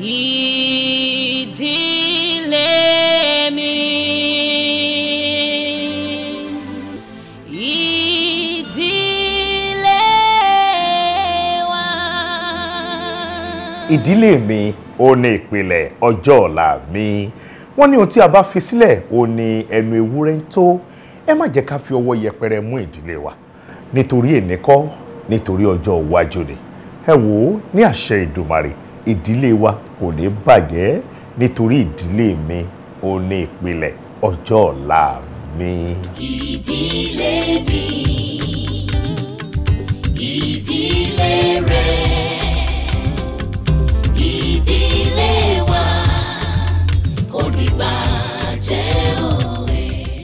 ìdílé mi. ìdílé wa. ìdílé mi ó ní ìpìlẹ̀ ọjọ́ ọ̀la mi wọ́n ní ohun tí a bá fi sílẹ̀ ó ní ẹnu ewúrẹ́ ń tó ẹ má jẹ́ ká fi ọwọ́ yẹpẹrẹ mú ìdílé wa nítorí ènìkọ́ nítorí ọjọ́ iwájú ni ẹ wò ó ní àṣẹ Ìdùmarè ìdílé wa kò ní bàjẹ́ nítorí ìdílé mi ó ní ìpìlẹ̀ ọjọ́ ọ̀la mi. ìdílé mi ìdílé.